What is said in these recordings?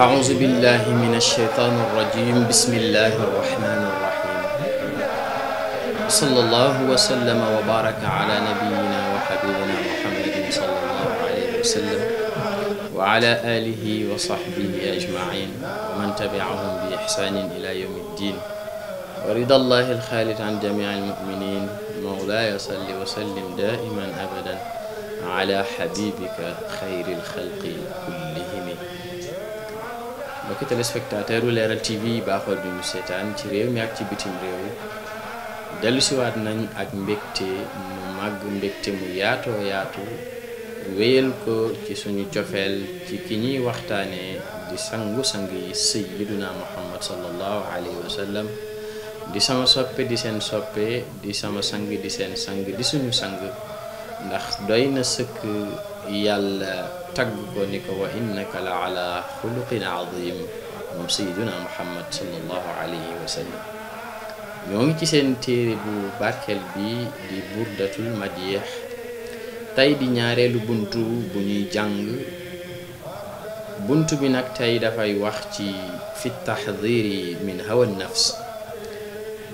أعوذ بالله من الشيطان الرجيم بسم الله الرحمن الرحيم صلى الله وسلم وبارك على نبينا وحبيبنا محمد صلى الله عليه وسلم وعلى آله وصحبه أجمعين ومن تبعهم بإحسان إلى يوم الدين ورضا الله الخالد عن جميع المؤمنين مولاي صل وسلم دائما أبدا على حبيبك خير الخلق كلهم mbokki téléspectateur u leeral tv baaxoo bi ñu seetaan ci réew mi ak ci bitim réew dellu nañ ak mbégte mu màgg mbégte mu yaatoo yaatu wéyal ko ci suñu cofeel ci ki ñuy waxtaanee di sangu-sang yi sayyiduna muhammad sallallahu alayhi wa sallam di sama soppe di seen soppe di sama sang di seen sang di suñu sang ndax doy na sëkk yàlla tagg ko ni ko wa innaka la ala xuluqin azim moom sayiduna muhammad sallallahu alayhi wa sallam ñoo ngi ci seen téere bu barkeel bi di burdatul madiex tey di ñaareelu buntu bu ñuy jàng bunt bi nag tey dafay wax ci fi taxdiri min hawa nafs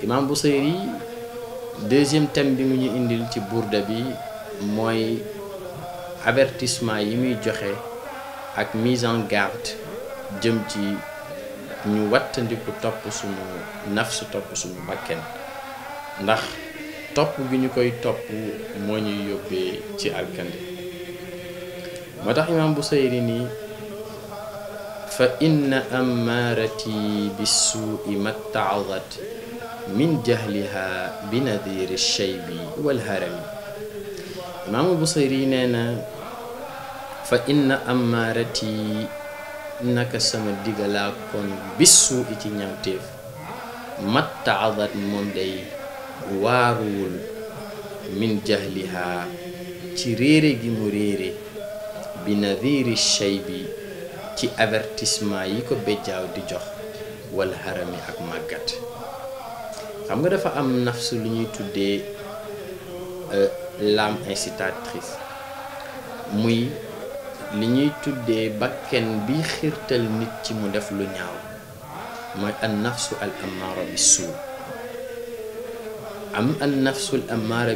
imaam Busayri deuxième thème bi mu ñu indil ci burda bi mooy avertissement yi muy joxe ak mise en jëm ci ñu wattandiku topp suñu nafsu topp suñu bakken ndax topp bi ñu koy topp moo ñuy yóbbee ci alkande moo tax imaam Busayri ni fa inna ammaarati bissuui mattaadat min jahliha bi nadiri bi walharami imaamu Busayri nee na fa inna amaarati naka sama digalaa kon bisu ci ñawteef mattaadat moom day waaruwul min jahliha ci réere gi mu réere bi nadiri shay bi ci avertissement yi ko bejjaaw di jox wala xarami ak màggat xam nga dafa am nafs lu ñuy tuddee euh, lam incitatrice muy li ñuy tuddee bakken bi xiirtal nit ci mu def lu ñaaw mooy an nafsu al amaara bi suu am an nafsu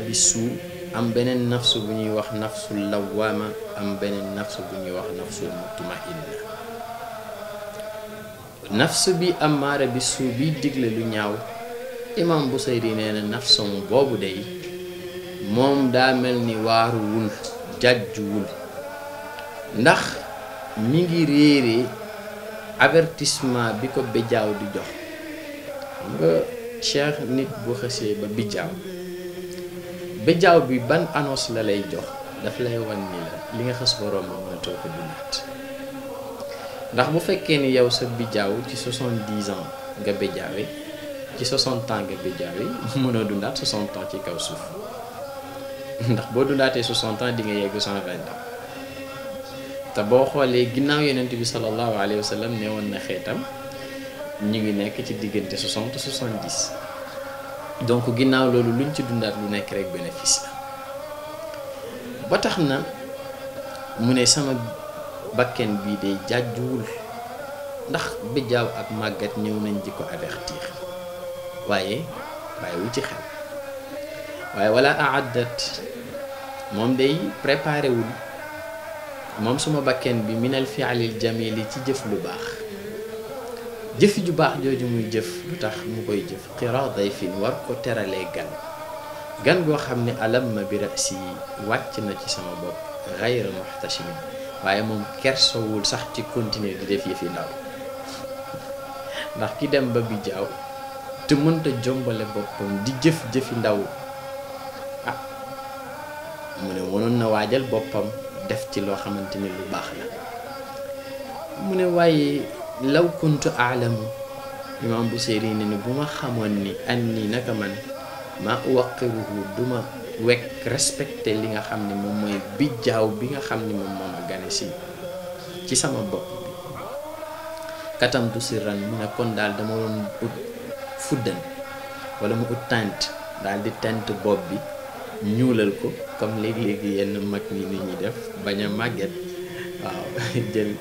bi suu am beneen nafsu bu ñuy wax nafsul lawaama am beneen nafsu bu ñuy wax nafsul mutmainna nafsu bi amaara bi suu biy digle lu ñaaw imam Busayri nee na nafsam boobu day moom daa mel ni waaruwul jàjjuwul ndax mi ngi réere avertissement bi ko bijaaw di jox xam nga cheikh nit bu xësee ba bijaaw bijaaw bi ban annonce la lay jox daf lay wan ni li nga xës borom ma ko dundaat ndax bu fekkee ni yow sa bijaaw ci soixante-dix ans nga bijaawee ci soixante ans nga bijaawee mënoo dundaat soixante ans ci kaw suuf ndax boo dundaatee 60 ans di nga yegg 120 ans te boo xoolee ginnaaw yonent bi sallallahu alayhi wa sallam ne woon na xeetam ñu ngi nekk ci diggante 60 70 donc ginnaaw loolu luñ ci dundaat lu nekk rek bénéfice ba tax na mu ne sama bakken bii day jàjjuwul ndax bijaaw ak màggat ñëw nañ di ko avertir waaye bàyyiwu ci xel waaye wala aaddat moom day préparé wul moom suma bakken bi minal fialil jamili ci jëf lu baax jëf ju baax jooju muy jëf lu tax mu koy jëf day dayfin war ko terale gan gan goo xam ne alam ma bi rasi wàcc na ci sama bopp xayra muxtashimin waaye moom kersowul sax ci continuer di def yëfi ndaw ndax ki dem ba bi jaaw te mënta jombale boppam di jëf jëfi ndaw mu ne waroon na waajal boppam def ci loo xamante ni lu baax la mu ne waaye law kuntu aalamu imaam bu séeri ne ni bu ma xamoon ni an nii naka man ma waqiruhu duma wekk respecte li nga xam ne moom mooy bijjaaw bi nga xam ni moom moom a gane si ci sama bopp bi katam du sirran mu ne kon daal dama doon ut fuddan wala mu ut tent daal di tent bopp bi ñuulal ko comme léegi-léegi yenn mag ni ni ñuy def bañ a màgget waaw jël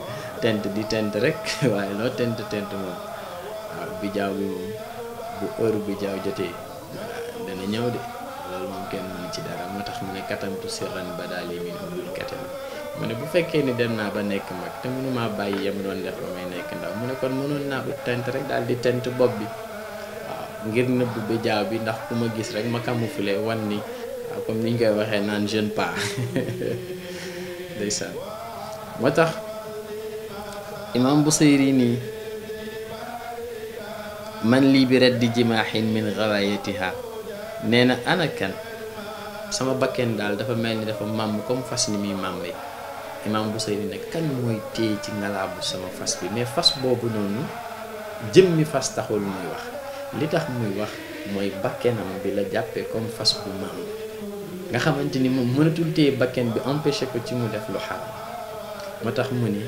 tent di tent rek waaye loo tent tent moom waaw bi bu heure bijaaw jotee dana ñëw de loolu moom kenn mënu bu fekkee ni dem naa ba nekk mag te mënumaa bàyyi yam doon def mu ne kon mënoon tent rek daal di tent bopp bi waaw ngir nëbb bijaaw bi ndax ku ma gis rek ma camoufler wan ni comme ni ñu koy waxee naan jeune pas ndeysaan moo tax imaam Busayri nii man lii bi raddi jimaaxin min gawaayatiha nee na ana sama bakken daal dafa mel ni dafa màmm comme fas ni muy màmm yi imaam Busayri ne kan mooy téye ci ngalaabu sama fas bi mais fas boobu noonu jëmmi fas taxul muy wax li tax muy wax mooy bakkenam bi la jàppee comme fas bu màmm nga xamante ni moom mënatul téye bakken bi empêché ko ci mu def lu xaram moo tax mu ni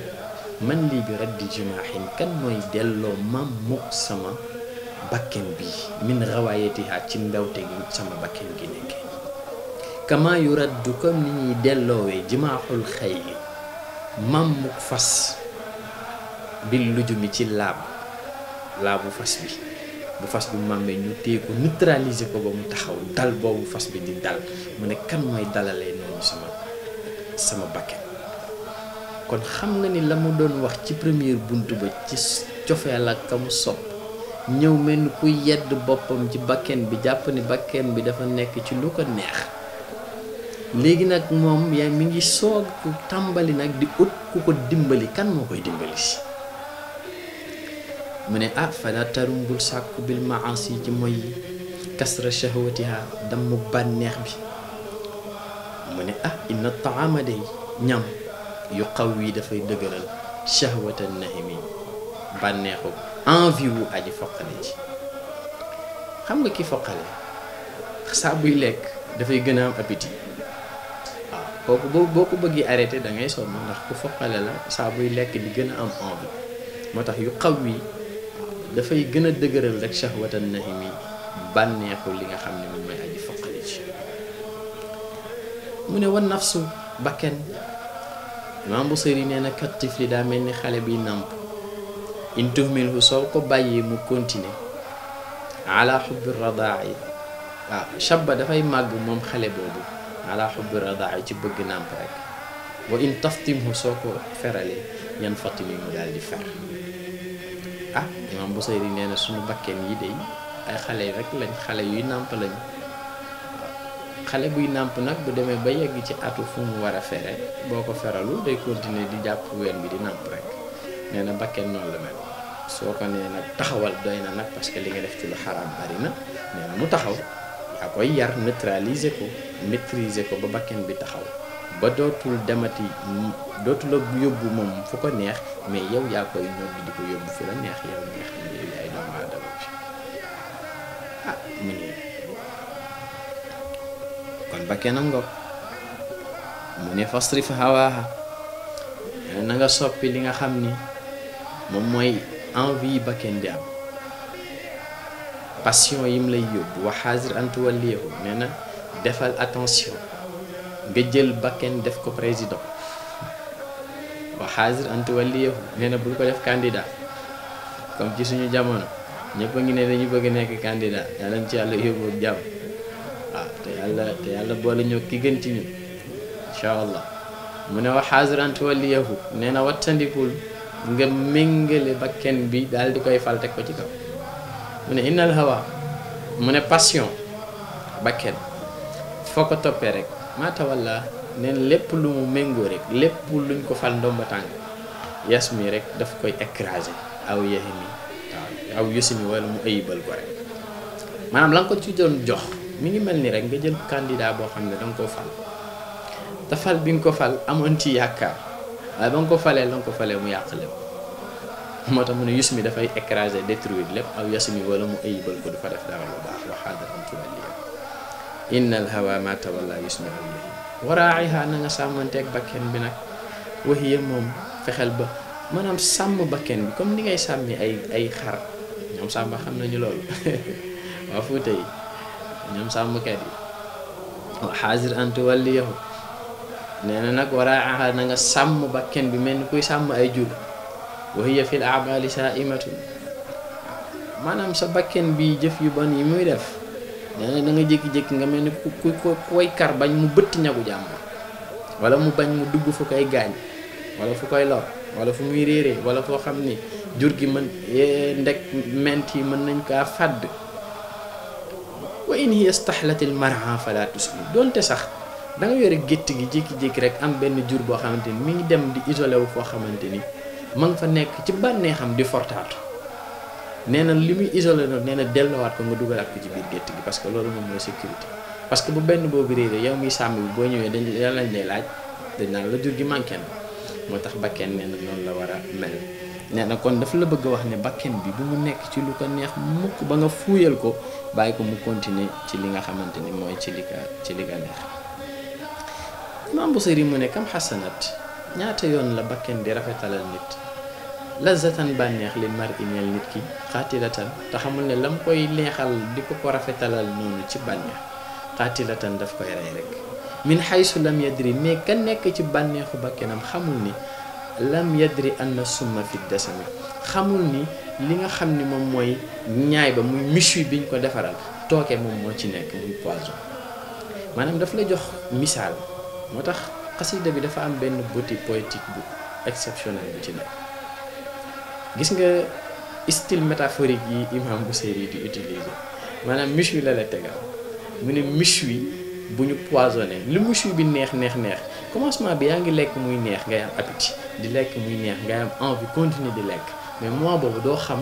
man lii bi raddi jumaaxin kan mooy delloo mam mu sama bakken bi min rawaayatiha ci ndawte gi sama bakken gi nekk kama yu raddu comme ni ñuy delloowee jimaaxul xay gi mam fas bi lujumi ci laab laabu fas bi bu fas bi màmmee ñu téye ko neutraliser boobu fas bi di dal ne kan mooy dalalee noonu sama kon xam nga ni la doon wax ci première bunt ba ci cofeel ak ka ñëw mel ni ku yedd boppam ci bakken bi jàpp ni bakken bi dafa nekk ci lu ko neex léegi nag moom yaa mi ngi soog ku tàmbali nag di ut ku ko dimbali kan moo koy dimbali si mu ne ah fala tarum bul sàkku bil maasi ci mooy yi kasra shahwatiha damm bànneex bi mu ne ah inna taama day ñam yu xaw wii dafay dëgëral shahwata nahimi bànneexu envie wu aji foqale ji xam nga ki foqale saa buy lekk dafay gën a am kooku boo boo arrêté da ngay sonn ndax ku foqale la saa buy lekk di gën a am envie moo tax yu xaw yi dafay gën a dëgëral rek shahwatan nahimi bànneexu li nga xam ne moom mooy aji foqali ci mu ne wan nafsu bakken imaam Busiri nee na kat tifli daa mel ni xale biy nàmp in tuhmilhu soo ko bàyyee mu continuer ala xubbi radaa'i waaw shabba dafay màgg moom xale boobu ala xubbi radaa'i ci bëgg nàmp rek wa in taftimhu soo ko feralee yan fatimi mu daal di fer ah bu Busayri nee na suñu bakkeen yi de ay xale rek lañ xale yuy nàmp lañ xale buy nàmp nag bu demee ba yegg ci atu fu mu war a fere boo ko feralu day continuer di jàpp wen bi di nàmp rek nee na bakkeen noonu la mel soo ko nee nag taxawal doy na nag parce que li nga def ci lu xaraam bari na nee mu taxaw yaa koy yar neutraliser ko maîtriser ko ba bakken bi taxaw ba dootul demati dootul yóbbu moom fu ko neex mais yow yaa koy ñor di ko yóbbu fi la neex yow neex na yow yaay bi ah mu ne mu li nga xam ni moom mooy envie ba kenn di am passion yim lay yóbbu wa xaazir antuwalliyahu nee defal attention nga jël bakken def ko président wa xaasir anti waliyahu nee na ko def candidat comme ci suñu jamono ñëpp a ngi ne dañu bëgg nekk candidat yàlla ci yàlla yóbbu ak jàmm waaw te yàlla te yàlla boole ñoo ki gën ci ñun incha mu ne wa xaasir anti waliyahu nee na wattandikul nga méngale bakken bi daal di koy fal ko ci kaw mu ne innal hawa mu ne passion bakken foo ko toppee rek maatawalla walla na lépp lu mu méngoo rek lépp luñ ko fal ndomba yas mi rek daf koy écrasé aw yaxi mi waaw aw yosi mi mu ayibal ko rek maanaam la ko ci doon jox mi ngi mel ni rek nga jël candidat boo xam ne danga nga koo fal te fal bi nga ko fal amoon ci yaakaar waaye ba nga ko falee la nga ko falee mu yàq lépp moo tax mu ne yus dafay écraser détruire lépp aw yas mi wala mu ayibal ko du fa def dara lu baax waxaadaraam ci wàllu innal hawa ma tawalla yusni am bi waraaxiha na nga sàmmanteeg bakken bi nag waxiya moom fexeel ba maanaam sàmm bakken bi comme ni ngay sàmmi ay ay xar ñoom sàmm xam xaasir an tuwalliyahu nee na nag waraaxiha na nga sàmm bakken bi mel ni kuy sàmm ay jur waxiya fil aabali saa imatun maanaam sa bakken bi jëf yu bon yi muy def nee na da jékki-jékki nga mel ni ku ku koy kar bañ mu bëtt ñagu jàmbur wala mu bañ mu dugg fu koy gaañ wala fu koy lor wala fu muy réeree wala foo xam ni jur gi mën ndek ment mën nañ kaa fàdd wa in hiya stahlatil mar'a fala tusli donte sax danga yore gétt gi jékki-jékki rek am benn jur boo xamante ni mi ngi dem di isolé wu foo xamante ni ma nga fa nekk ci bànneexam di fortaatu nee na li muy isolé nag nee na dellowaat ko nga dugalaat ko ci biir gétt gi parce que loolu moom mooy sécurité parce que bu benn boobu réeré yow muy sàmm bi boo ñëwee dañu yàlla lañ laaj dañ naan la jur gi manqué na moo tax bakken nee na la war a mel nee na kon dafa la bëgg a wax ne bakken bi bu mu nekk ci lu ko neex mukk ba nga fuuyal ko bàyyi ko mu continuer ci li nga xamante ni mooy ci li ka ci li ka neex Imam Busiri mu ne kam xasanat ñaata yoon la bakken di rafetalal nit la lazatan bànneex li mar ñeel nit ki xaatilatan te xamul ne lam koy neexal di ko ko rafetalal noonu ci bànneex xaatilatan daf koy rey rek min xaysu lam yadri mais ka nekk ci bànneexu bakkenam xamul ni lam yadri anna summa fi xamul ni li nga xam ni moom mooy ñaay ba muy michu biñ ko defaral tooke moom moo ci nekk muy poison maanaam daf la jox misaal moo tax xasida bi dafa am benn beauté poétique bu exceptionnel bu ci nekk gis nga style métaphorique yi Imam Busiri di utiliser maanaam méchoui la la tegal mu ne méchoui bu ñu poisonné lu méchoui bi neex neex neex commencement bi yaa ngi lekk muy neex ngay am appétit di lekk muy neex ngay am envie continuer di lekk mais mois boobu doo xam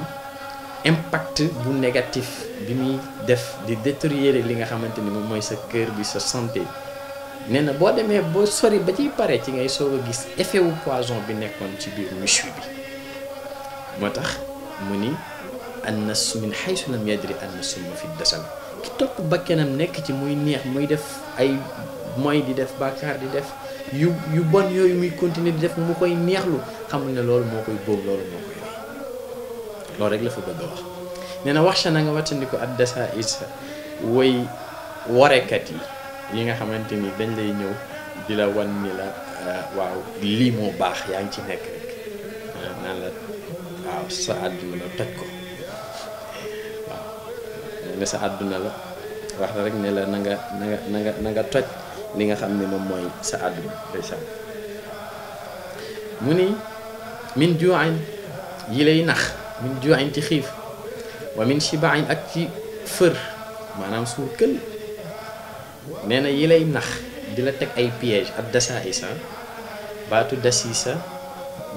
impact bu négatif bi muy def di détériorer li nga xamante ni moom mooy sa cœur bi sa santé nee na boo demee boo sori ba ci pare ci ngay soog a gis effet wu poison bi nekkoon ci biir méchoui bi. moo tax mu ni annas min xaysu lam yadri annas mu fi dasam ki topp bakkenam nekk ci muy neex muy def ay mooy di def bàkkaar di def yu yu bon yooyu muy continuer di def mu koy neexlu xamul ne loolu moo koy bóob loolu moo koy rey loolu rek la fa bëgg wax nee na wax sa na nga wattandiku ak dasa isa woy warekat yi yi nga xamante ni dañ lay ñëw di la wan ni la ah, waaw lii moo baax yaa ngi ci nekk rek ah, waaw sa àdduna la toj ko waaw nee sa àdduna la wax na rek ne la nanga nga na na nga na nga toj li nga xam ne moom mooy sa àdduna ndeysaan mu ni min juuañ yi lay nax min juuañ ci xiif wa min shibaañ ak ci fër maanaam suur kël nee na yi lay nax di la teg ay piège ak dasaisa ah. baatu dasisa ah,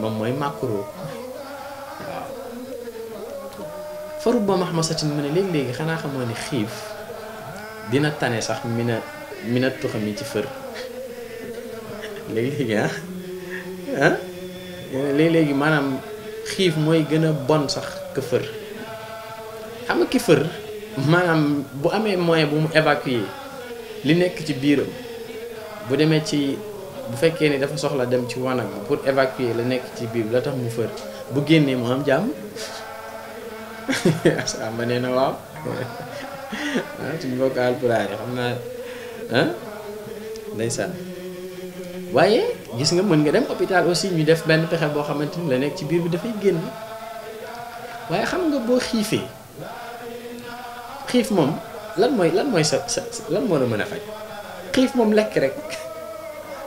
moom mooy macro faru ba max ma satin mu ne léegi-léegi xanaa xamoo ne xiif dina tane sax mi na mi na tuxam yi ci fër léegi-léegi ah ah léegi-léegi maanaam xiif mooy gën a bon sax ka fër xam ki fër maanaam bu amee moyen bu mu évacuer li nekk ci biiram bu demee ci bu fekkee ni dafa soxla dem ci wanag pour évacuer la nekk ci biir la tax mu fër bu génnee mu jàmm Samba nee na waaw ah, ah suñu waaye gis nga mën nga dem hôpital aussi ñu def benn pexe boo xamante ni la nekk ci biir bi dafay génn waaye xam nga boo xiifee xiif moom lan mooy lan mooy sa sa lan moo la mën a faj xiif moom lekk rek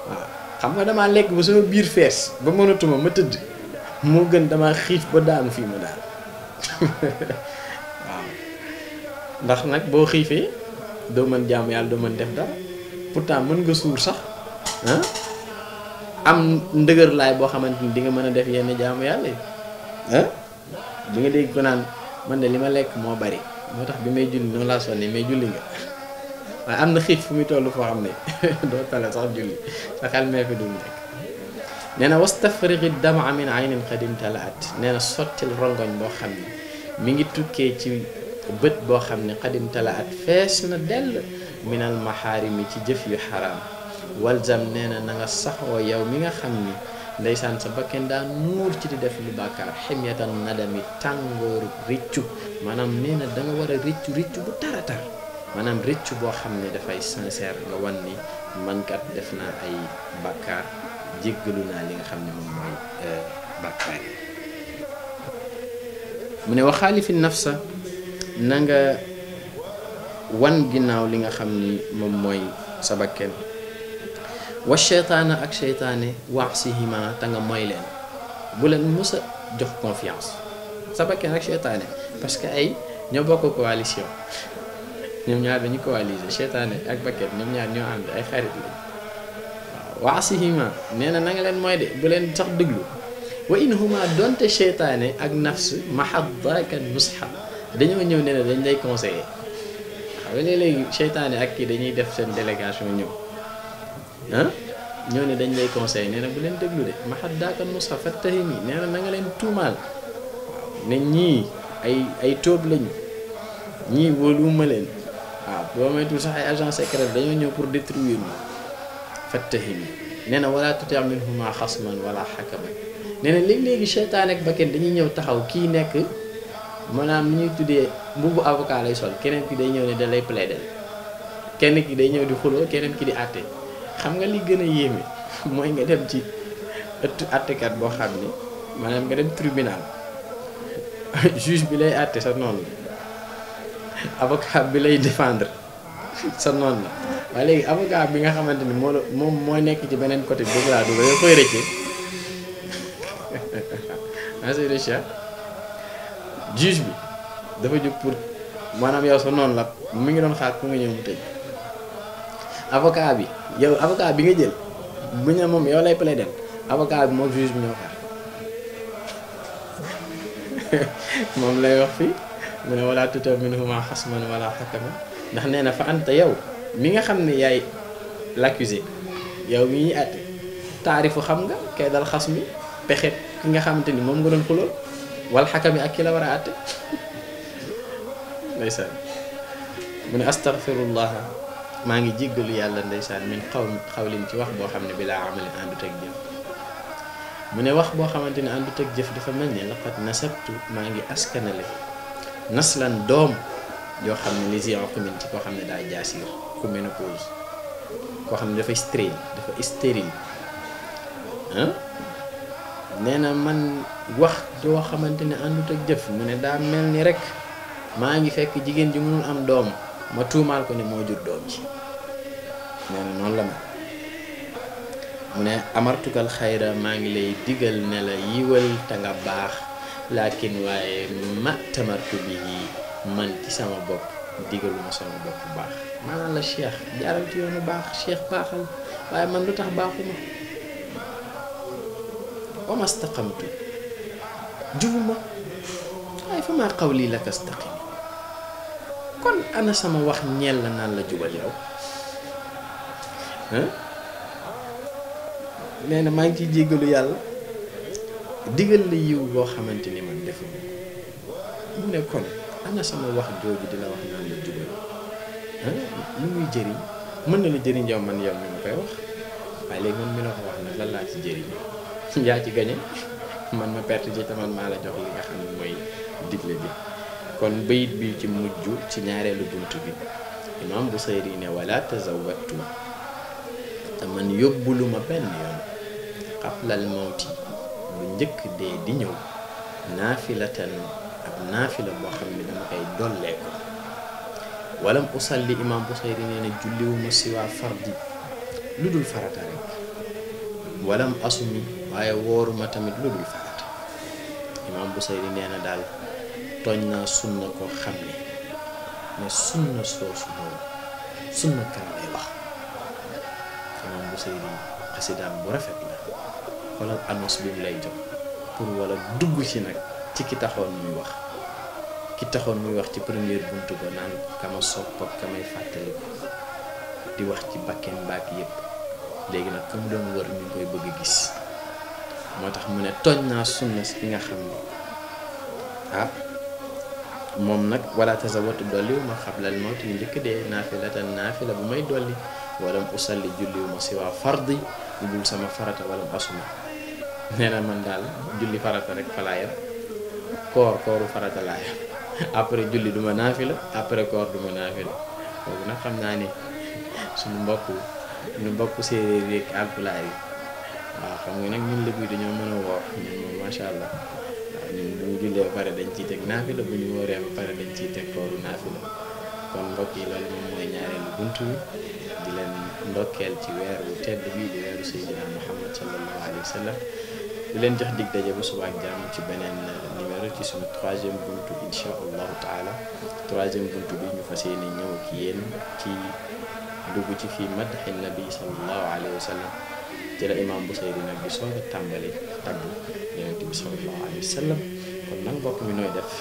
waaw xam nga damaa lekk ba sama biir fees ba mënatuma ma tëdd moo gën dama xiif ba daanu fii ma daal. waaw ndax nag boo xiifee doo mën jaamu yàlla doo mën def dara pourtant mën nga suur sax am ndëgër laay boo xamante ni di mën a def yenn jaamu yàlla yi di nga dégg ko naan mën de li ma lekk moo bari moo tax bi may julli noonu laa sonni mais julli nga waaye am na xiif fu muy toll foo xam ne doo tale sax julli sa xel mee fi dul nekk nee na wastafrixi dama amin aynin xadim talaat nee na sottil rongoñ boo xam ni mi ngi tukkee ci bët boo xam ne xadim talaat fees na dell minal mi ci jëf yu xaraam walzam nee na na nga saxoo yow mi nga xam ni ndeysaan sa bakken daa nuur ci di def lu bàkkaar ximyatan nadami tàngooru rëccu maanaam nee na da nga war a rëccu rëccu bu taratar maanaam rëccu boo xam ne dafay sincère nga wan ni mankat def naa ay bàkkaar jéggalu naa li nga xam ne moom mooy euh, bàkkaar yi mu ne waxaalifi nafsa na nga wan ginnaaw li nga xam ni moom mooy sa bakken wax cheytaana ak cheytaane waax si hima te nga mooy leen bu leen mës jox confiance sa bakken ak cheytaane parce que ay ñoo bokk coalition ñoom ñaar dañu coaliser cheytaane ak bakken ñoom ñaar ñoo ànd ay xarit la waasihima nee na na nga leen mooy de bu leen sax déglu wa in huma donte seytaane ak nafs mahadaka nusha dañoo ñëw nee dañ lay conseiller waaw léegi seytaane ak kii dañuy def seen délégation ñëw ah ñoo ne dañ lay conseiller nee na bu leen déglu de mahadaka nusha fattahimi nee na na nga leen tuumaal waaw ne ñii ay ay tóob lañu ñii wóoluwuma leen waaw boo moytul sax ay agent secret dañoo ñëw pour détruire ma fattahimi nee na wala tuti minhuma xasman wala xakaman nee na léegi-léegi seytaane ak bakken dañuy ñëw taxaw kii nekk manaam ni ñuy tuddee mbubbu avocat lay sol keneen ki day ñëw ne da lay plaider kenn ki day ñëw di xuloo keneen ki di àtte xam nga li gën a yéeme mooy nga dem ci ëttu àttekat boo xam ni maanaam nga dem tribunal juge bi lay àtte sa noonu la avocat bi lay défendre sa noonu la waaye léegi avocat bi nga xamante ni moo la moom mooy nekk ci beneen côté bi bëgg laa dugal yow koy rëcce assuré bi dafa jóg pour maanaam yow sa noonu la mu ngi doon xaar ku nga ñëw mu tëj avocat bi yow avocat bi nga jël bu ñu moom yow lay plaider avocat bi moom juge bi ñoo xaar moom lay wax fii mu ne wala tuta minhuma xasman wala xakama ndax nee na fa anta yow. mi nga xam ne yaay l'accusé yow mi ñuy àtte taarifu xam nga kay dal xas mi pexe ki nga xamante ni moom nga doon xuloo wal xakam ak ki la war a àtte ndeysaan mu ne astaghfirullah maa ngi jéggalu yàlla ndeysaan min xaw xawlin ci wax boo xam ne bi laa amalin àndut ak jëf mu ne wax boo xamante ne àndut ak jëf dafa mel ni laqad nasabtu maa ngi askanale naslan doom yoo xam ne li zion commune ci koo xam ne daa jaasiir ku ménopause koo xam ne dafa stérile dafa stérile ah na man wax yoo xamante ne àndut ak jëf mu ne daa mel ni rek maa ngi fekk jigéen ji mu am doom ma tuumaal ko ne moo jur doom ji nee na la ma mu ne amartukal xayra maa ngi lay digal nela la yiwal te nga baax laakin waaye ma tamartu bi man ci sama bopp digaluma sama bopp baax maanaam la cheikh jaaral ci yoonu baax cheikh baaxal waaye man lu tax baaxuma omastaqamtu jubuma waaye fa maa xawlii laka staqim kon ana sama wax ñeel la naan la jubal yow nee na maa ngi ciy jéggalu yàlla digal la yiw boo xamante ni man defuma mu ne kon ana sama wax jooju di la wax naan la jubal lu muy jëriñ mën na la jëriñ yow man yow mi ma koy wax waaye léegi man ko wax nag lan ci jëriñ yaa ci gañe man ma perte ji taman maa la jox li nga xam ne mooy digle bi kon bayit bi ci mujj ci ñaareelu bunt bi imaam Busayri ne wala tazawattu te man yóbbu lu ma benn yoon xablal mawti lu njëkk dee di ñëw naafilatan ab naafila boo xam ne dama koy dollee walam usalli imam Busayri nee na julliwuma siwaa fardi lu dul farata rek walam asumi waaye wooruma tamit lu dul farata imam Busayri nee na daal tooñ naa sunna koo xam ne mais sunna soosu moom sunna kan lay wax imam Busayri xasidaam bu rafet la xoolal annonce bi mu lay jox pour wala dugg ci nag ci ki taxoon muy wax ki taxoon muy wax ci première bunt ba naan kama sopp ak kamay fàttali di wax ci bakken mbaak yépp léegi nag ka mu doon wër ñu koy bëgg gis moo tax mu ne tooñ naa sunna si nga xam ne ah moom nag wala tasawatu dolliwu ma xablal mawti yi njëkk dee naafilatan naafila bu may dolli walam usalli julliwu ma si waa fardi lu sama farata walam asuma nee na man daal julli farata rek fa koor kooru farata laa après julli du ma naafila après koor du ma naafila boobu nag xam naa ni suñu mbokk ñu mbokk séeréer yeeg alpulaar yi waaw xam nga nag ñun léegi dañoo mën a woor ñun moom macha allah waaw jullee pare dañ ciy teg naafila bu ñu wooree ba pare dañ ciy teg kooru naafila kon mbokk yi loolu moom mooy ñaareelu bunt bi di leen ndokkeel ci weer wu tedd bi di weeru Seydina Muhammad sallallahu alayhi wa sallam di leen jox dig daje ba suba jàmm ci beneen euh, numéro ci suñu troisième buntu incha allahu taala troisième buntu bi ñu fas yéene ñëw ak yéen ci dugg ci fii madxi nabi sallallahu alayhi wa sallam ci la imaam bu saydi nag di soog a tàmbali tagg yonente bi sallallahu alayhi wa kon nag mbokk mi nooy def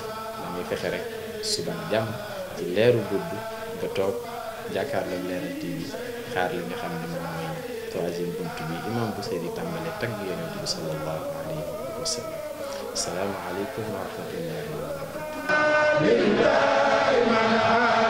da fexe rek suba ak jàmm ci leeru gudd ba toog jàkkaarloo leeral TV xaar li nga xam ne troisième bunt bi imam bu seydi tàmbale tagg yonent bi sallallahu alayhi wa sallam asalaamaaleykum wa rahmatullahi wa barakatu